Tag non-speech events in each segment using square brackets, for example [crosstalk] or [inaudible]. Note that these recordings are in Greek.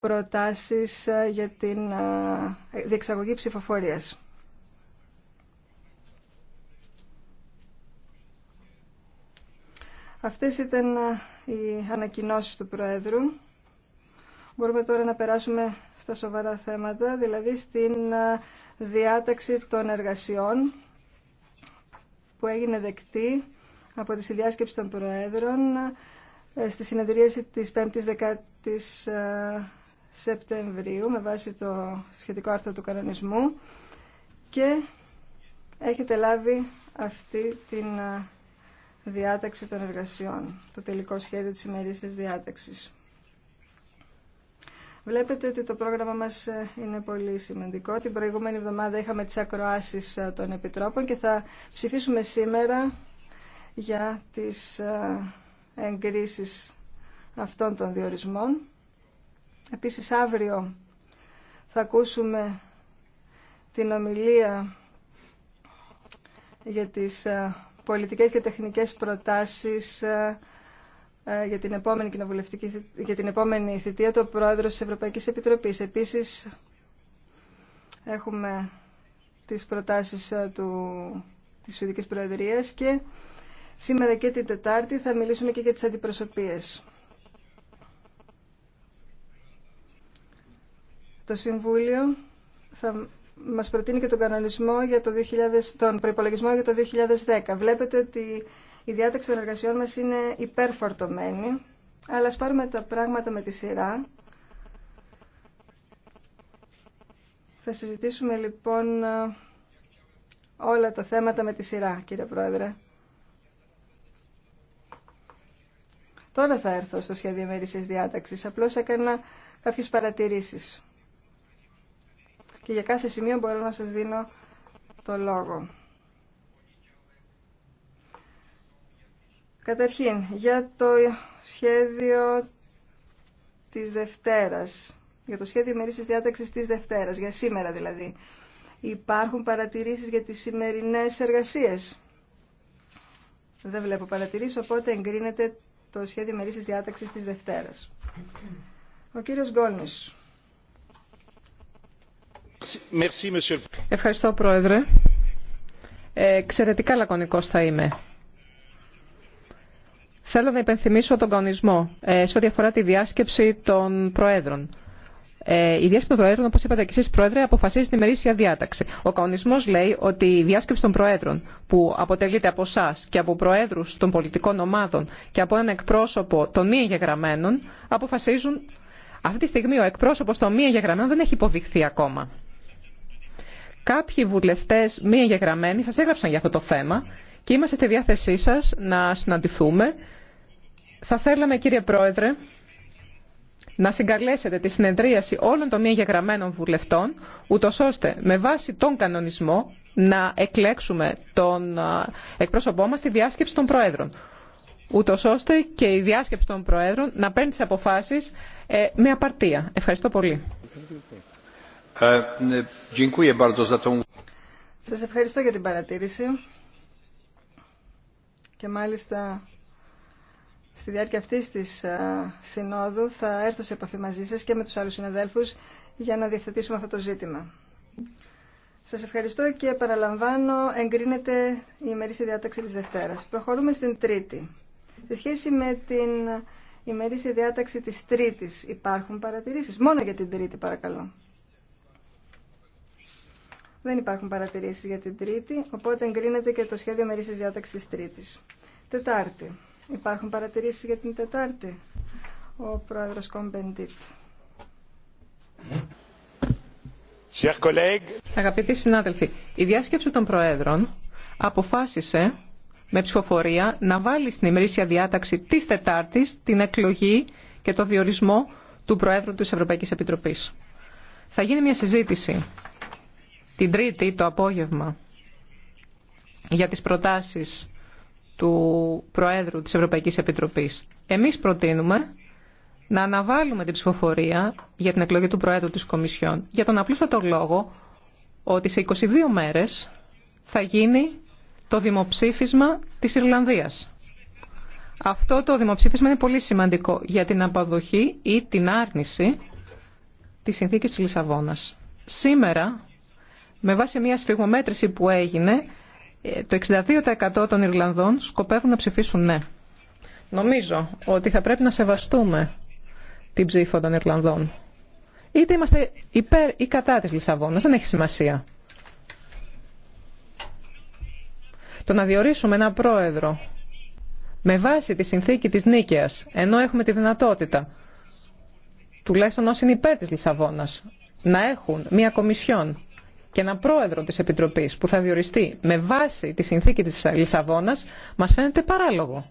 προτάσεις ε, για την ε, διεξαγωγή ψηφοφορίας. Αυτές ήταν ε, οι ανακοινώσεις του Προέδρου. Μπορούμε τώρα να περάσουμε στα σοβαρά θέματα, δηλαδή στην διάταξη των εργασιών που έγινε δεκτή από τη συνδιάσκεψη των Προέδρων στη συνεδρίαση της 5ης 10 Σεπτεμβρίου με βάση το σχετικό άρθρο του κανονισμού και έχετε λάβει αυτή την διάταξη των εργασιών, το τελικό σχέδιο της ημερήσιας διάταξης. Βλέπετε ότι το πρόγραμμα μας ε, είναι πολύ σημαντικό. Την προηγούμενη εβδομάδα είχαμε τις ακροάσεις ε, των Επιτρόπων και θα ψηφίσουμε σήμερα για τις ε, εγκρίσεις αυτών των διορισμών. Επίσης αύριο θα ακούσουμε την ομιλία για τις ε, πολιτικές και τεχνικές προτάσεις ε, ε, για την επόμενη κοινοβουλευτική, για την επόμενη θητεία του πρόεδρου της Ευρωπαϊκής Επιτροπής. Επίσης έχουμε τις προτάσεις του, της Σουηδικής Προεδρίας και σήμερα και την Τετάρτη θα μιλήσουμε και για τις αντιπροσωπείες. Το Συμβούλιο θα μας προτείνει και τον κανονισμό για το 2000, τον προϋπολογισμό για το 2010. Βλέπετε ότι η διάταξη των εργασιών μας είναι υπερφορτωμένη, αλλά ας πάρουμε τα πράγματα με τη σειρά. Θα συζητήσουμε λοιπόν όλα τα θέματα με τη σειρά, κύριε Πρόεδρε. Τώρα θα έρθω στο σχέδιο μέρησης διάταξης. Απλώς έκανα κάποιες παρατηρήσεις και για κάθε σημείο μπορώ να σας δίνω το λόγο. Καταρχήν, για το σχέδιο της Δευτέρας, για το σχέδιο μερίσης διάταξης της Δευτέρας, για σήμερα δηλαδή. Υπάρχουν παρατηρήσεις για τις σημερινές εργασίες. Δεν βλέπω παρατηρήσεις, οπότε εγκρίνεται το σχέδιο μερίσης διάταξης της Δευτέρας. Ο κύριος Γκόλνης. Ευχαριστώ, Πρόεδρε. Ε, εξαιρετικά λακωνικός θα είμαι. Θέλω να υπενθυμίσω τον κανονισμό ε, σε ό,τι αφορά τη διάσκεψη των Προέδρων. Ε, η διάσκεψη των Προέδρων, όπως είπατε και εσείς, Πρόεδρε, αποφασίζει την ημερήσια διάταξη. Ο κανονισμός λέει ότι η διάσκεψη των Προέδρων, που αποτελείται από εσά και από προέδρους των πολιτικών ομάδων και από έναν εκπρόσωπο των μη εγγεγραμμένων, αποφασίζουν. Αυτή τη στιγμή ο εκπρόσωπο των μη εγγεγραμμένων δεν έχει υποδειχθεί ακόμα. Κάποιοι βουλευτές μη εγγεγραμμένοι σα έγραψαν για αυτό το θέμα και είμαστε στη διάθεσή σας να συναντηθούμε. Θα θέλαμε, κύριε Πρόεδρε, να συγκαλέσετε τη συνεδρίαση όλων των μη εγγεγραμμένων βουλευτών, ούτω ώστε με βάση τον κανονισμό να εκλέξουμε τον εκπρόσωπό μας στη διάσκεψη των Προέδρων. Ούτω ώστε και η διάσκεψη των Προέδρων να παίρνει τις αποφάσεις ε, με απαρτία. Ευχαριστώ πολύ. Σας ευχαριστώ για την παρατήρηση και μάλιστα στη διάρκεια αυτής της συνόδου θα έρθω σε επαφή μαζί σας και με τους άλλους συναδέλφους για να διευθετήσουμε αυτό το ζήτημα. Σας ευχαριστώ και παραλαμβάνω εγκρίνεται η ημερήσια διάταξη της Δευτέρας. Προχωρούμε στην Τρίτη. Σε σχέση με την ημερήσια διάταξη της Τρίτης υπάρχουν παρατηρήσεις. Μόνο για την Τρίτη παρακαλώ. Δεν υπάρχουν παρατηρήσεις για την Τρίτη, οπότε εγκρίνεται και το σχέδιο μερίσης διάταξης Τρίτης. Τετάρτη. Υπάρχουν παρατηρήσεις για την Τετάρτη. Ο πρόεδρος Κομπεντήτ. Αγαπητοί συνάδελφοι, η διάσκεψη των Προέδρων αποφάσισε με ψηφοφορία να βάλει στην ημερήσια διάταξη της Τετάρτης την εκλογή και το διορισμό του Προέδρου της Ευρωπαϊκής Επιτροπής. Θα γίνει μια συζήτηση την Τρίτη το απόγευμα για τις προτάσεις του Προέδρου της Ευρωπαϊκής Επιτροπής. Εμείς προτείνουμε να αναβάλουμε την ψηφοφορία για την εκλογή του Προέδρου της Κομισιόν για τον απλούστατο λόγο ότι σε 22 μέρες θα γίνει το δημοψήφισμα της Ιρλανδίας. Αυτό το δημοψήφισμα είναι πολύ σημαντικό για την αποδοχή ή την άρνηση της συνθήκης της Λισαβόνας. Σήμερα με βάση μια σφιγμομέτρηση που έγινε, ε, το 62% των Ιρλανδών σκοπεύουν να ψηφίσουν ναι. Νομίζω ότι θα πρέπει να σεβαστούμε την ψήφο των Ιρλανδών. Είτε είμαστε υπέρ ή κατά της Λισαβόνας, δεν έχει σημασία. Το να διορίσουμε ένα πρόεδρο με βάση τη συνθήκη της νίκαιας, ενώ έχουμε τη δυνατότητα, τουλάχιστον όσοι είναι υπέρ της Λισαβόνας, να έχουν μια κομισιόν και έναν πρόεδρο της Επιτροπής που θα διοριστεί με βάση τη συνθήκη της Λισαβόνας μας φαίνεται παράλογο.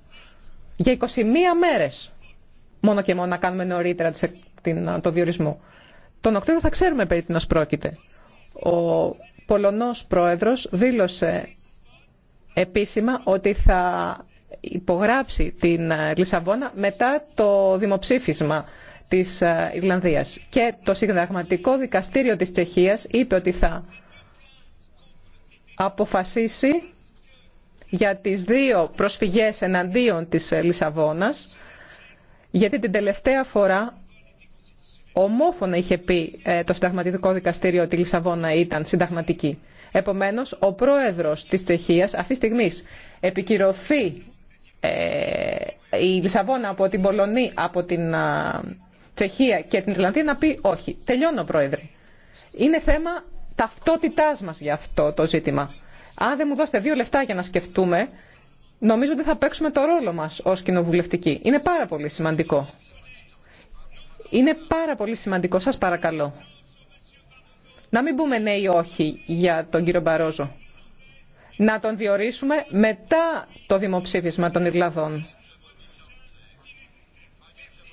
Για 21 μέρες μόνο και μόνο να κάνουμε νωρίτερα το διορισμό. Τον Οκτώβριο θα ξέρουμε περί τίνος πρόκειται. Ο Πολωνός πρόεδρος δήλωσε επίσημα ότι θα υπογράψει την Λισαβόνα μετά το δημοψήφισμα της ε, Ιρλανδίας. Και το Συνταγματικό Δικαστήριο της Τσεχίας είπε ότι θα αποφασίσει για τις δύο προσφυγές εναντίον της ε, Λισαβόνας, γιατί την τελευταία φορά ομόφωνα είχε πει ε, το Συνταγματικό Δικαστήριο ότι η Λισαβόνα ήταν συνταγματική. Επομένως, ο πρόεδρος της Τσεχίας αυτή τη στιγμή επικυρωθεί η Λισαβόνα από την Πολωνή, από την Τσεχία και την Ιρλανδία να πει όχι. Τελειώνω, Πρόεδρε. Είναι θέμα ταυτότητάς μας για αυτό το ζήτημα. Αν δεν μου δώσετε δύο λεφτά για να σκεφτούμε, νομίζω ότι θα παίξουμε το ρόλο μας ως κοινοβουλευτικοί. Είναι πάρα πολύ σημαντικό. Είναι πάρα πολύ σημαντικό. Σας παρακαλώ. Να μην πούμε ναι ή όχι για τον κύριο Μπαρόζο. Να τον διορίσουμε μετά το δημοψήφισμα των Ιρλανδών.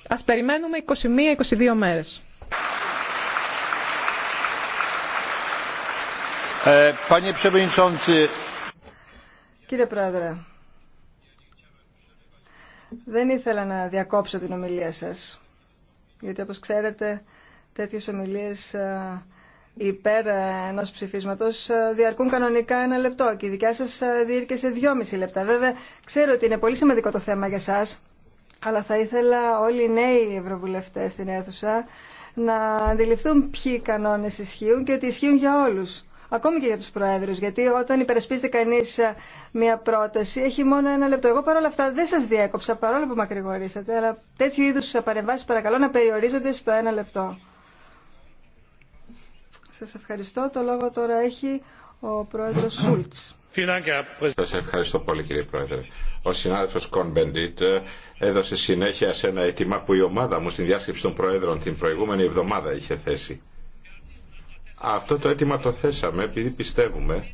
Ας περιμένουμε 21-22 μέρες. Ε, Κύριε Πρόεδρε, δεν ήθελα να διακόψω την ομιλία σας, γιατί όπως ξέρετε τέτοιες ομιλίες ε, υπέρ ε, ενό ψηφίσματο ε, διαρκούν κανονικά ένα λεπτό και η δικιά σα διήρκεσε δυόμιση λεπτά. Βέβαια, ξέρω ότι είναι πολύ σημαντικό το θέμα για σας, αλλά θα ήθελα όλοι οι νέοι ευρωβουλευτές στην αίθουσα να αντιληφθούν ποιοι κανόνες ισχύουν και ότι ισχύουν για όλους. Ακόμη και για τους προέδρους, γιατί όταν υπερασπίζεται κανείς ε, μια πρόταση έχει μόνο ένα λεπτό. Εγώ παρόλα αυτά δεν σας διέκοψα, παρόλο που μακρηγορήσατε, αλλά τέτοιου είδους παρεμβάσει παρακαλώ να περιορίζονται στο ένα λεπτό. Σας ευχαριστώ. Το λόγο τώρα έχει ο πρόεδρος Σούλτς. Σας ευχαριστώ πολύ κύριε Πρόεδρε. Ο συνάδελφος Κον Μπεντίτ ε, έδωσε συνέχεια σε ένα αίτημα που η ομάδα μου στην διάσκεψη των Προέδρων την προηγούμενη εβδομάδα είχε θέσει. Αυτό το αίτημα το θέσαμε επειδή πιστεύουμε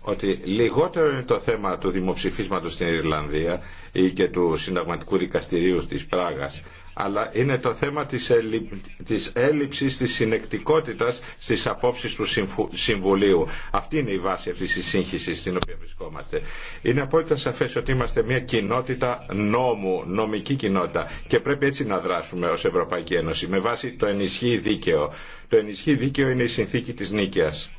ότι λιγότερο είναι το θέμα του δημοψηφίσματος στην Ιρλανδία ή και του συνταγματικού δικαστηρίου της Πράγας αλλά είναι το θέμα της, έλλειψη της έλλειψης της συνεκτικότητας στις απόψεις του Συμβουλίου. Αυτή είναι η βάση αυτής της σύγχυσης στην οποία βρισκόμαστε. Είναι απόλυτα σαφές ότι είμαστε μια κοινότητα νόμου, νομική κοινότητα και πρέπει έτσι να δράσουμε ως Ευρωπαϊκή Ένωση με βάση το ενισχύει δίκαιο. Το ενισχύει δίκαιο είναι η συνθήκη της νίκαιας.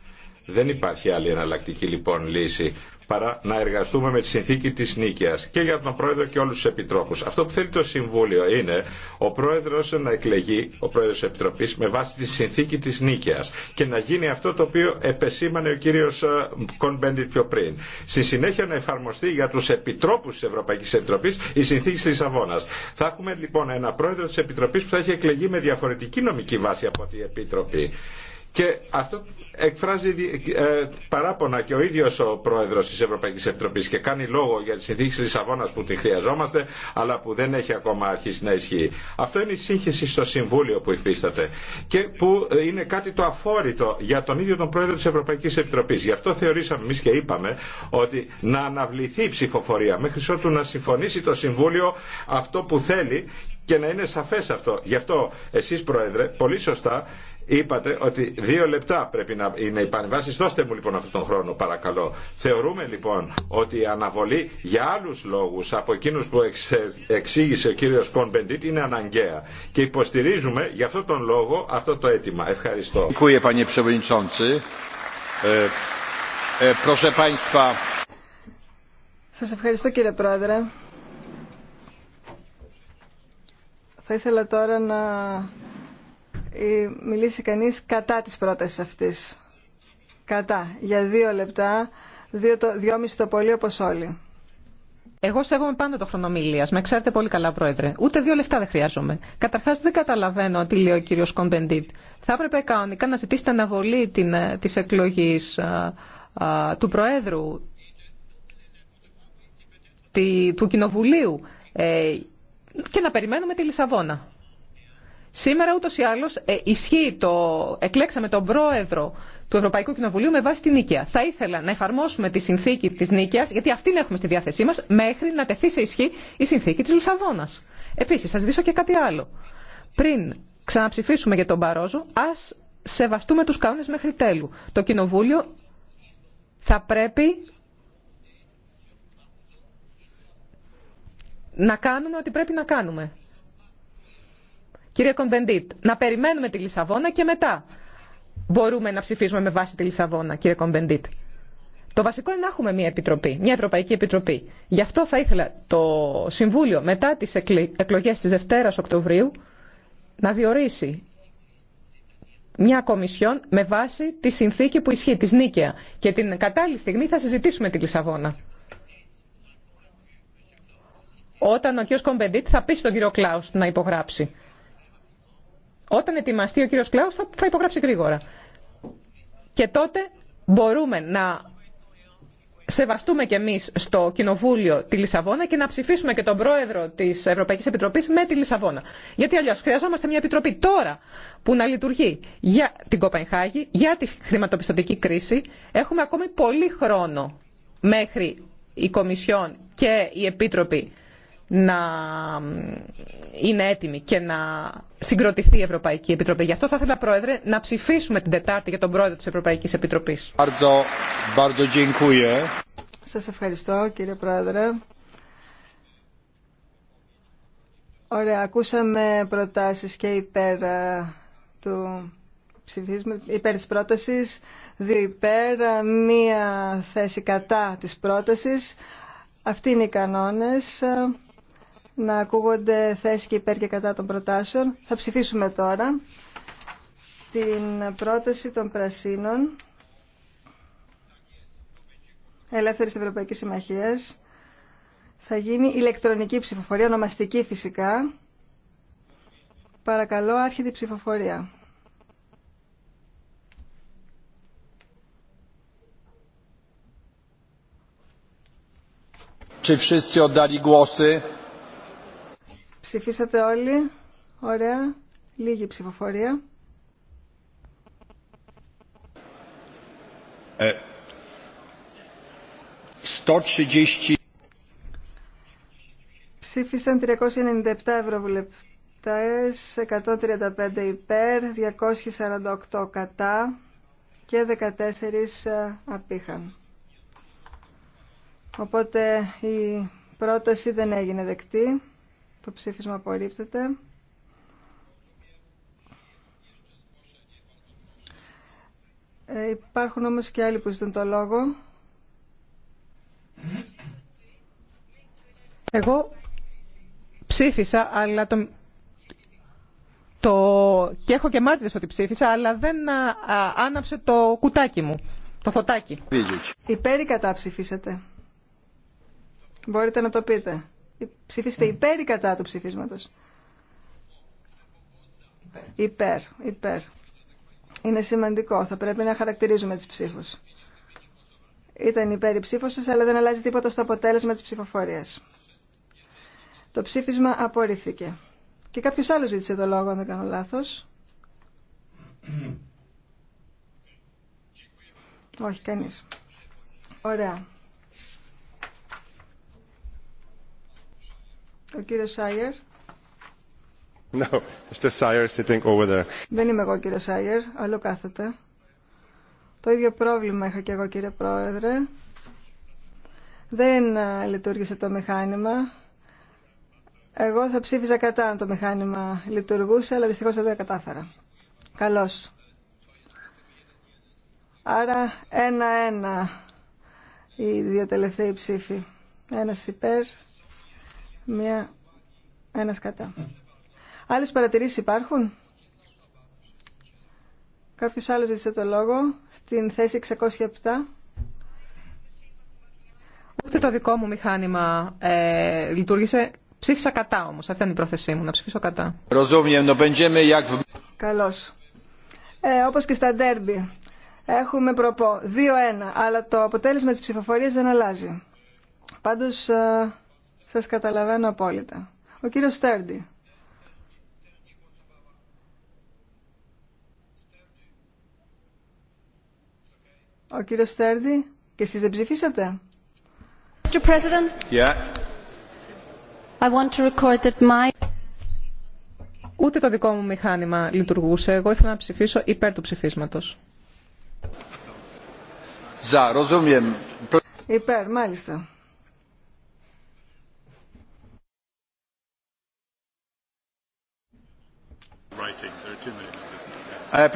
Δεν υπάρχει άλλη εναλλακτική λοιπόν λύση παρά να εργαστούμε με τη συνθήκη της νίκαιας και για τον Πρόεδρο και όλους τους Επιτρόπους. Αυτό που θέλει το Συμβούλιο είναι ο Πρόεδρος να εκλεγεί, ο Πρόεδρος της Επιτροπής, με βάση τη συνθήκη της νίκαιας και να γίνει αυτό το οποίο επεσήμανε ο κύριος ε, Κονμπέντιτ πιο πριν. Στη συνέχεια να εφαρμοστεί για τους Επιτρόπους της Ευρωπαϊκής Επιτροπής η συνθήκη της Λισαβόνας. Θα έχουμε λοιπόν ένα Πρόεδρο της Επιτροπής που θα έχει εκλεγεί με διαφορετική νομική βάση από την Επίτροπη. Και αυτό εκφράζει ε, παράπονα και ο ίδιο ο πρόεδρο τη Ευρωπαϊκή Επιτροπή και κάνει λόγο για τι συνθήκε Λισαβόνα που τη χρειαζόμαστε, αλλά που δεν έχει ακόμα αρχίσει να ισχύει. Αυτό είναι η σύγχυση στο Συμβούλιο που υφίσταται και που είναι κάτι το αφόρητο για τον ίδιο τον πρόεδρο τη Ευρωπαϊκή Επιτροπή. Γι' αυτό θεωρήσαμε εμεί και είπαμε ότι να αναβληθεί η ψηφοφορία μέχρι ότου να συμφωνήσει το Συμβούλιο αυτό που θέλει και να είναι σαφέ αυτό. Γι' αυτό εσεί Πρόεδρε πολύ σωστά Είπατε ότι δύο λεπτά πρέπει να είναι οι παρεμβάσει. Δώστε μου λοιπόν αυτόν τον χρόνο, παρακαλώ. Θεωρούμε λοιπόν ότι η αναβολή για άλλου λόγου από εκείνου που εξήγησε ο κύριο Πεντήτ είναι αναγκαία. Και υποστηρίζουμε γι' αυτόν τον λόγο αυτό το αίτημα. Ευχαριστώ. Ε, ε, Σας ευχαριστώ κύριε Πρόεδρε. Θα ήθελα τώρα να ε, μιλήσει κανείς κατά της πρότασης αυτής. Κατά. Για δύο λεπτά, δύο, το, δυόμιση το πολύ όπως όλοι. Εγώ σέβομαι πάντα το χρονομιλία. Με ξέρετε πολύ καλά, Πρόεδρε. Ούτε δύο λεπτά δεν χρειάζομαι. Καταρχά, δεν καταλαβαίνω τι λέει ο κύριο Κονπεντήτ. Θα έπρεπε κανονικά να ζητήσετε αναβολή τη ε, εκλογή ε, του Προέδρου του Κοινοβουλίου ε, και να περιμένουμε τη Λισαβόνα. Σήμερα ούτω ή άλλω ε, ισχύει το. Εκλέξαμε τον πρόεδρο του Ευρωπαϊκού Κοινοβουλίου με βάση την νίκαια. Θα ήθελα να εφαρμόσουμε τη συνθήκη τη νίκαια, γιατί αυτήν έχουμε στη διάθεσή μα, μέχρι να τεθεί σε ισχύ η συνθήκη τη Λισαβόνα. βαση τη νικαια θα ζητήσω και κάτι άλλο. Πριν ξαναψηφίσουμε για τον Παρόζο, α σεβαστούμε του κανόνε μέχρι τέλου. Το Κοινοβούλιο θα πρέπει να κάνουμε ό,τι πρέπει να κάνουμε. Κύριε Κομπεντίτ, να περιμένουμε τη Λισαβόνα και μετά μπορούμε να ψηφίσουμε με βάση τη Λισαβόνα, κύριε Κομπεντίτ. Το βασικό είναι να έχουμε μια επιτροπή, μια Ευρωπαϊκή Επιτροπή. Γι' αυτό θα ήθελα το Συμβούλιο μετά τις εκλογές της Δευτέρας Οκτωβρίου να διορίσει μια κομισιόν με βάση τη συνθήκη που ισχύει, της Νίκαια. Και την κατάλληλη στιγμή θα συζητήσουμε τη Λισαβόνα. Όταν ο κ. Κομπεντίτ θα πει στον κ. Κλάους να υπογράψει. Όταν ετοιμαστεί ο κύριος Κλάους θα, θα υπογράψει γρήγορα. Και τότε μπορούμε να σεβαστούμε και εμείς στο Κοινοβούλιο τη Λισαβόνα και να ψηφίσουμε και τον Πρόεδρο της Ευρωπαϊκής Επιτροπής με τη Λισαβόνα. Γιατί αλλιώς χρειαζόμαστε μια επιτροπή τώρα που να λειτουργεί για την Κοπενχάγη, για τη χρηματοπιστωτική κρίση. Έχουμε ακόμη πολύ χρόνο μέχρι η Κομισιόν και οι Επίτροποι να είναι έτοιμη και να συγκροτηθεί η Ευρωπαϊκή Επιτροπή. Γι' αυτό θα ήθελα, Πρόεδρε, να ψηφίσουμε την Τετάρτη για τον Πρόεδρο της Ευρωπαϊκής Επιτροπής. Σας ευχαριστώ, κύριε Πρόεδρε. Ωραία, ακούσαμε προτάσεις και υπέρ ε, του πρόταση υπέρ της πρότασης, δύο υπέρ, μία θέση κατά της πρότασης. Αυτοί είναι οι κανόνες να ακούγονται θέσεις και υπέρ και κατά των προτάσεων. Θα ψηφίσουμε τώρα την πρόταση των Πρασίνων Ελεύθερης Ευρωπαϊκής Συμμαχίας. Θα γίνει ηλεκτρονική ψηφοφορία, ονομαστική φυσικά. Παρακαλώ, άρχιτη ψηφοφορία. Czy wszyscy oddali Ψηφίσατε όλοι. Ωραία. Λίγη ψηφοφορία. Ε, 130... Ψήφισαν 397 ευρωβουλευτές, 135 υπέρ, 248 κατά και 14 ε, απήχαν. Οπότε η πρόταση δεν έγινε δεκτή. Το ψήφισμα απορρίπτεται. Ε, υπάρχουν όμως και άλλοι που ζητούν το λόγο. Εγώ ψήφισα, αλλά το... το... και έχω και μάρτυρες ότι ψήφισα, αλλά δεν άναψε το κουτάκι μου, το φωτάκι. Υπέρ ή κατά Μπορείτε να το πείτε. Ψηφίστε υπέρ ή κατά του ψηφίσματος. Υπέρ, υπέρ. Είναι σημαντικό. Θα πρέπει να χαρακτηρίζουμε τις ψήφους. Ήταν υπέρ η ψήφος αλλά δεν αλλάζει τίποτα στο αποτέλεσμα της ψηφοφορίας. Το ψήφισμα απορρίφθηκε. Και κάποιος άλλος ζήτησε το λόγο, αν δεν κάνω λάθος. [coughs] Όχι, κανείς. Ωραία. Ο κύριος Σάιερ. Δεν είμαι εγώ κύριε Σάιερ, αλλού κάθεται. Το ίδιο πρόβλημα είχα και εγώ κύριε Πρόεδρε. Δεν λειτουργήσε το μηχάνημα. Εγώ θα ψήφιζα κατά αν το μηχάνημα λειτουργούσε, αλλά δυστυχώς δεν κατάφερα. Καλώς. Άρα ένα-ένα οι δύο τελευταίοι ψήφοι. Ένα υπέρ, Μία, ένα κατά. Άλλες παρατηρήσεις υπάρχουν? Κάποιος άλλος ζήτησε το λόγο στην θέση 607. Ούτε το δικό μου μηχάνημα ε, λειτουργήσε. Ψήφισα κατά όμως. Αυτή είναι η πρόθεσή μου, να ψηφίσω κατά. Καλώς. Ε, όπως και στα ντέρμπι. Έχουμε προπό 2-1, αλλά το αποτέλεσμα της ψηφοφορίας δεν αλλάζει. Πάντως... Ε, σας καταλαβαίνω απόλυτα. Ο κύριος Στέρντι. Ο κύριος Στέρντι, και εσείς δεν ψηφίσατε. Mr. President. Yeah. I want to record that my... Ούτε το δικό μου μηχάνημα λειτουργούσε. Εγώ ήθελα να ψηφίσω υπέρ του ψηφίσματος. Υπέρ, μάλιστα. E,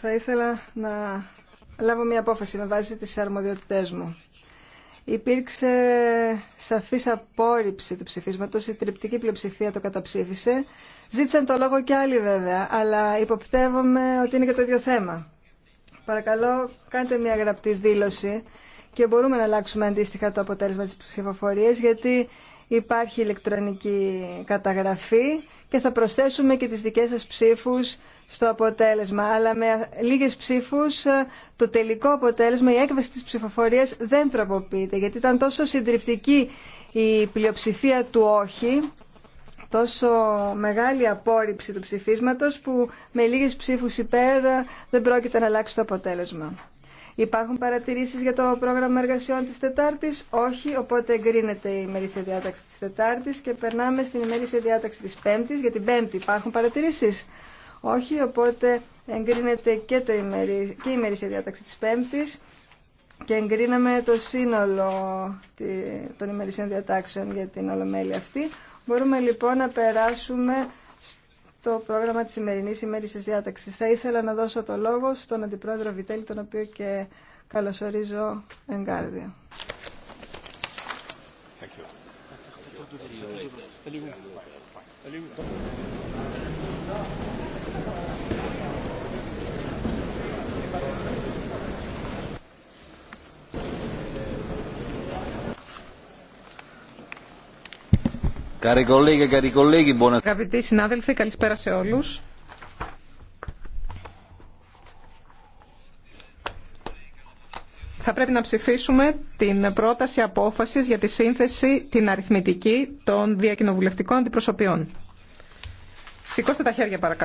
Θα ήθελα να λάβω μια απόφαση με βάση τις αρμοδιότητές μου. Υπήρξε σαφής απόρριψη του ψηφίσματος, η τριπτική πλειοψηφία το καταψήφισε. Ζήτησαν το λόγο και άλλοι βέβαια, αλλά υποπτεύομαι ότι είναι και το ίδιο θέμα. Παρακαλώ, κάντε μια γραπτή δήλωση και μπορούμε να αλλάξουμε αντίστοιχα το αποτέλεσμα της ψηφοφορίας γιατί υπάρχει ηλεκτρονική καταγραφή και θα προσθέσουμε και τις δικές σας ψήφους στο αποτέλεσμα. Αλλά με λίγες ψήφους ε, το τελικό αποτέλεσμα, η έκβαση της ψηφοφορίας δεν τροποποιείται γιατί ήταν τόσο συντριπτική η πλειοψηφία του όχι τόσο μεγάλη απόρριψη του ψηφίσματος που με λίγες ψήφους υπέρ ε, δεν πρόκειται να αλλάξει το αποτέλεσμα. Υπάρχουν παρατηρήσεις για το πρόγραμμα εργασιών της Τετάρτης. Όχι, οπότε εγκρίνεται η ημερήσια διάταξη της Τετάρτης και περνάμε στην ημερήσια διάταξη της Πέμπτης. Για την Πέμπτη υπάρχουν παρατηρήσεις. Όχι, οπότε εγκρίνεται και, το η ημερήσια διάταξη της Πέμπτης και εγκρίναμε το σύνολο των ημερησίων διατάξεων για την Ολομέλεια αυτή. Μπορούμε λοιπόν να περάσουμε το πρόγραμμα της σημερινής ημέρησης διάταξης. Θα ήθελα να δώσω το λόγο στον Αντιπρόεδρο Βιτέλη, τον οποίο και καλωσορίζω εγκάρδια. Αγαπητοί συνάδελφοι, καλησπέρα σε όλους. Θα πρέπει να ψηφίσουμε την πρόταση απόφασης για τη σύνθεση την αριθμητική των διακοινοβουλευτικών αντιπροσωπιών. Σηκώστε τα χέρια παρακαλώ.